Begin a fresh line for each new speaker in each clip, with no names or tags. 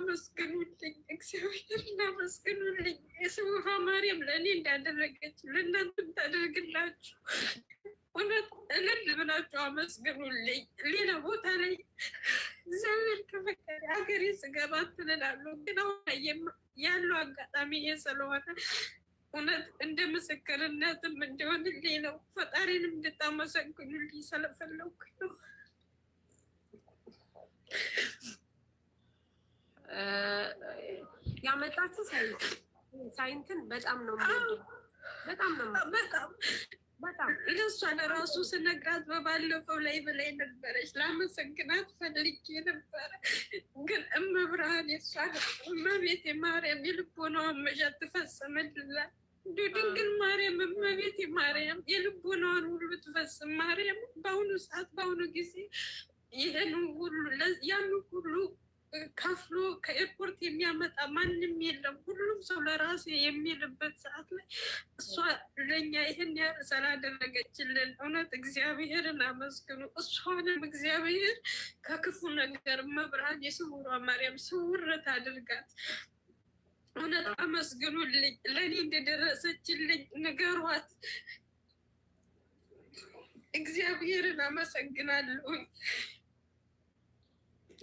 አመስግኑልኝ፣ እግዚአብሔር አመስግኑልኝ። የስውሃ ማርያም ለእኔ እንዳደረገች ለእናንተ ታደርግላችሁ። እውነት እልል ብላችሁ አመስግኑልኝ። ሌላ ቦታ ላይ እግዚአብሔር ከፈቀደ ሀገሬ ስገባ ትልላሉ ግን አሁን ያለው አጋጣሚ ስለሆነ እውነት እንደ ምስክርነትም እንዲሆንልኝ ነው። ፈጣሪንም እንድታመሰግኑልኝ ስለፈለኩ ነው።
ያመጣችሁ ሳይንትን በጣም ነው በጣም ነው
በጣም እሷን ራሱ ስነግራት በባለፈው ላይ በላይ ነበረች። ላመሰግናት ፈልጌ ነበረ፣ ግን እመብርሃን የሷን እመቤት የማርያም የልቦናዋን መሻት ትፈጽምልላት። እንዲሁ ድንግል ማርያም እመቤት የማርያም የልቦናዋን ሁሉ ትፈጽም። ማርያም በአሁኑ ሰዓት በአሁኑ ጊዜ ይህን ሁሉ ያን ሁሉ ከፍሎ ከኤርፖርት የሚያመጣ ማንም የለም። ሁሉም ሰው ለራሱ የሚልበት ሰዓት ላይ እሷ ለኛ ይህን ያህል ስላደረገችልን እውነት እግዚአብሔርን አመስግኑ። እሷንም እግዚአብሔር ከክፉ ነገር መብርሃን የስውሯ ማርያም ስውረት አድርጋት። እውነት አመስግኑልኝ። ለእኔ እንደደረሰችልኝ ንገሯት። እግዚአብሔርን አመሰግናለሁኝ።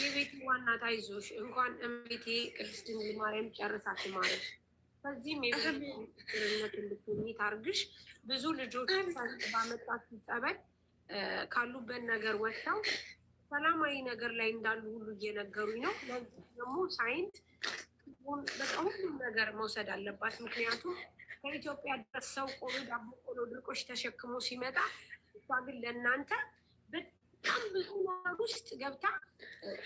የቤት ዋና ታይዞሽ እንኳን እመቤቴ ቅድስት ድንግል ማርያም ጨርሳት ማለት ከዚህም የቤትነት እንድትሆኝ ታርግሽ። ብዙ ልጆች ባመጣት ጸበል ካሉበት ነገር ወጥተው ሰላማዊ ነገር ላይ እንዳሉ ሁሉ እየነገሩኝ ነው። ለዚህ ደግሞ ሳይንት በቃ ሁሉም ነገር መውሰድ አለባት። ምክንያቱም ከኢትዮጵያ ድረስ ሰው ቆሎ ዳቦ፣ ቆሎ ድርቆች ተሸክሞ ሲመጣ እሷ ግን ለእናንተ በጣም ውስጥ ገብታ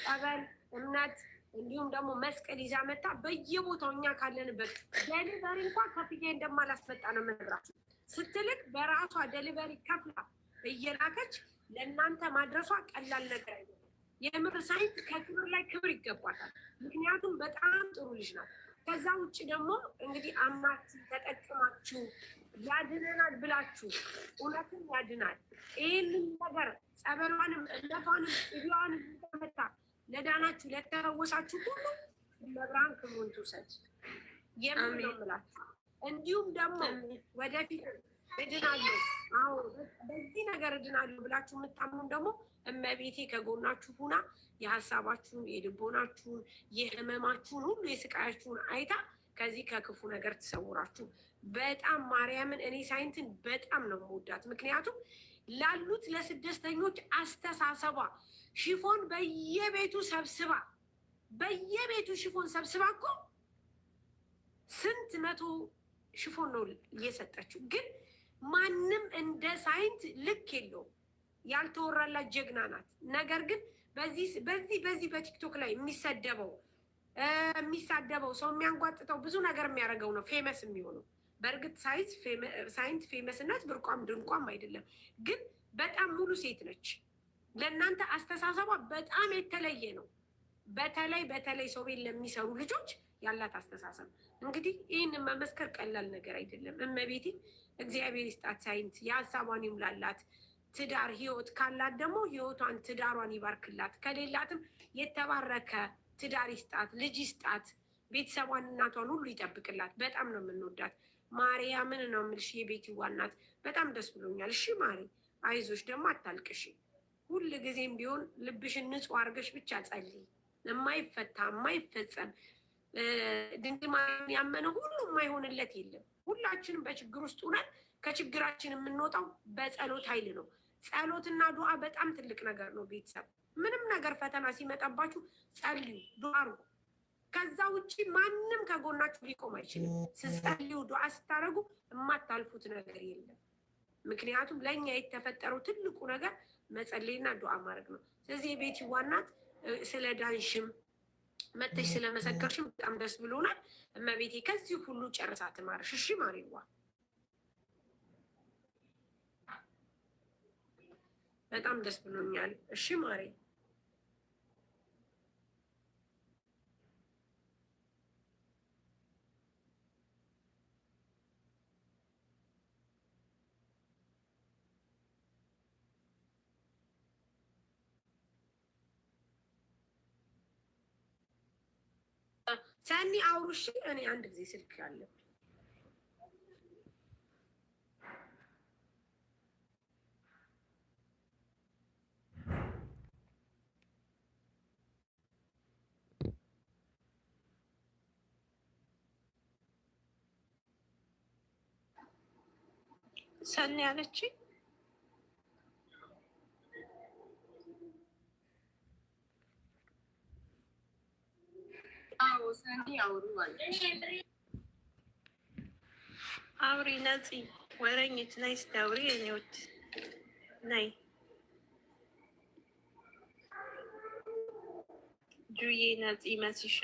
ጸበል፣ እምነት እንዲሁም ደግሞ መስቀል ይዛ መታ በየቦታው እኛ ካለንበት ደሊቨሪ እንኳን ከፍያ እንደማላስመጣ ነው የምነግራችሁ። ስትልክ በራሷ ደሊቨሪ ከፍላ እየላከች ለእናንተ ማድረሷ ቀላል ነገር የምር ሳይንት ከክብር ላይ ክብር ይገባታል። ምክንያቱም በጣም ጥሩ ልጅ ናት። ከዛ ውጭ ደግሞ እንግዲህ አምናችሁ ተጠቅማችሁ ያድነናል ብላችሁ እውነትም ያድናል። ይህንን ነገር ጸበሏንም እለቷንም እቢዋንም ተመታ ለዳናችሁ ለተፈወሳችሁ ሁሉ መብራን ክብሩን ትውሰድ የምለው እንዲሁም ደግሞ ወደፊት እድናለሁ አዎ በዚህ ነገር እድናለሁ ብላችሁ የምታምኑም ደግሞ እመቤቴ ከጎናችሁ ሁና የሀሳባችሁን የልቦናችሁን የህመማችሁን ሁሉ የስቃያችሁን አይታ ከዚህ ከክፉ ነገር ትሰውራችሁ። በጣም ማርያምን እኔ ሳይንትን በጣም ነው መወዳት። ምክንያቱም ላሉት ለስደተኞች አስተሳሰቧ ሽፎን በየቤቱ ሰብስባ በየቤቱ ሽፎን ሰብስባ እኮ ስንት መቶ ሽፎን ነው እየሰጠችው፣ ግን ማንም እንደ ሳይንት ልክ የለውም። ያልተወራላት ጀግና ናት። ነገር ግን በዚህ በዚህ በዚህ በቲክቶክ ላይ የሚሰደበው የሚሳደበው ሰው የሚያንጓጥተው ብዙ ነገር የሚያደርገው ነው ፌመስ የሚሆነው። በእርግጥ ሳይንት ፌመስነት ብርቋም ድንቋም አይደለም፣ ግን በጣም ሙሉ ሴት ነች። ለእናንተ አስተሳሰቧ በጣም የተለየ ነው። በተለይ በተለይ ሰው ቤት ለሚሰሩ ልጆች ያላት አስተሳሰብ እንግዲህ ይህንን መመስከር ቀላል ነገር አይደለም። እመቤቴ እግዚአብሔር ይስጣት ሳይንት የሀሳቧን ይሙላላት። ትዳር ህይወት ካላት ደግሞ ህይወቷን ትዳሯን ይባርክላት፣ ከሌላትም የተባረከ ትዳር ይስጣት፣ ልጅ ይስጣት፣ ቤተሰቧን እናቷን ሁሉ ይጠብቅላት። በጣም ነው የምንወዳት። ማርያምን ነው የምልሽ የቤትዋ እናት በጣም ደስ ብሎኛል። እሺ ማሪ አይዞሽ፣ ደግሞ አታልቅሽ። ሁል ጊዜም ቢሆን ልብሽን ንጹሕ አድርገሽ ብቻ ጸልይ። የማይፈታ የማይፈጸም ድንግል ማርያም ያመነ ሁሉ የማይሆንለት የለም። ሁላችንም በችግር ውስጥ ሆነን ከችግራችን የምንወጣው በጸሎት ኃይል ነው። ጸሎትና ዱዓ በጣም ትልቅ ነገር ነው ቤተሰብ ምንም ነገር ፈተና ሲመጣባችሁ ጸልዩ፣ ዱዓ አድርጉ ከዛ ውጭ ማንም ከጎናችሁ ሊቆም አይችልም። ስጸልዩ፣ ዱዓ ስታደርጉ የማታልፉት ነገር የለም። ምክንያቱም ለእኛ የተፈጠረው ትልቁ ነገር መጸለይና ዱዓ ማድረግ ነው። ስለዚህ የቤት ዋናት ስለ ዳንሽም መተሽ ስለመሰከርሽም በጣም ደስ ብሎናል። እመቤቴ ከዚህ ሁሉ ጨርሳ ትማርሽ። እሺ ማሪዋ በጣም ደስ ብሎኛል። እሺ ማሪ ሰኒ አውሩሽ እኔ አንድ ጊዜ ስልክ አለ ሰኒ አለችኝ። ተወሰኒ አውሩ ማለት አውሪ ነፂ ወረኝት ናይ ስታውሪ እኔዎት ናይ ጁዬ ነፂ መሲሻ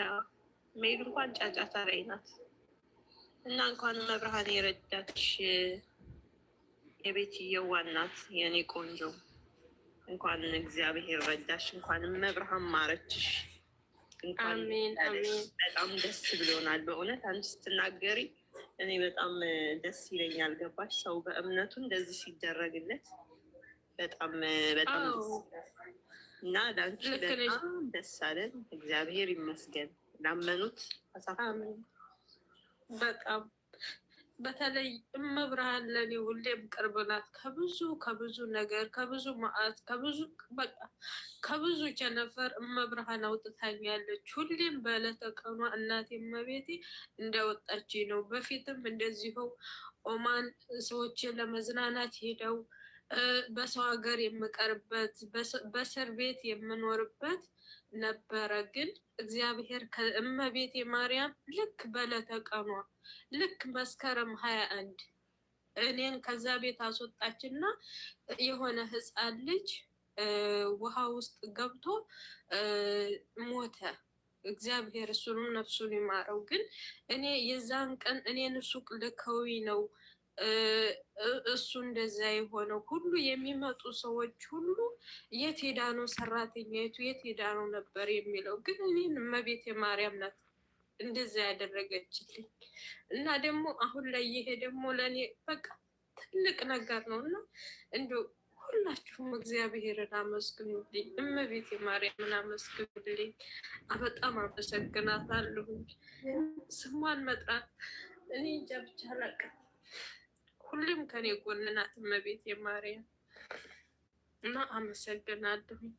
መሄድ እንኳን ጫጫታ ላይ ናት እና እንኳን መብርሃን የረዳትሽ የቤትየዋ ናት የኔ ቆንጆ እንኳን እግዚአብሔር ረዳሽ፣ እንኳን መብርሃን ማረችሽ። በጣም ደስ ብሎናል። በእውነት አንቺ ስትናገሪ እኔ በጣም ደስ ይለኛል። ገባሽ ሰው በእምነቱ እንደዚህ ሲደረግለት በጣም በጣም እና ለአንቺ በጣም ደስ አለን። እግዚአብሔር ይመስገን ላመኑት በጣም በተለይ እመብርሃን ለኔ ሁሌም ቅርብ ናት። ከብዙ ከብዙ ነገር ከብዙ መዓት ከብዙ በቃ ከብዙ ቸነፈር እመብርሃን አውጥታኛለች። ሁሌም በዕለተ ቀኗ እናቴ እመቤቴ እንዳወጣች ነው። በፊትም እንደዚሁ ኦማን ሰዎችን ለመዝናናት ሄደው በሰው ሀገር የምቀርበት በእስር ቤት የምኖርበት ነበረ። ግን እግዚአብሔር ከእመቤቴ ማርያም ልክ በለተቀኗ ቀኗ ልክ መስከረም ሀያ አንድ እኔን ከዛ ቤት አስወጣችና የሆነ ህፃን ልጅ ውሃ ውስጥ ገብቶ ሞተ። እግዚአብሔር እሱንም ነፍሱን ይማረው። ግን እኔ የዛን ቀን እኔን ሱቅ ልከዊ ነው እሱ እንደዚያ የሆነው ሁሉ የሚመጡ ሰዎች ሁሉ የት ሄዳ ነው ሰራተኛይቱ የት ሄዳ ነው ነበር የሚለው። ግን እኔን እመቤቴ ማርያም ናት እንደዚያ ያደረገችልኝ እና ደግሞ አሁን ላይ ይሄ ደግሞ ለእኔ በቃ ትልቅ ነገር ነው እና እንዲ ሁላችሁም እግዚአብሔርን አመስግኑልኝ፣ እመቤቴ ማርያምን አመስግኑልኝ። በጣም አመሰግናታለሁ። ስሟን መጥራት እኔ እንጃ ብቻ አላውቅም። ሁሌም ከኔ ጎን ናት እመቤቴ ማርያም እና አመሰግናለሁኝ።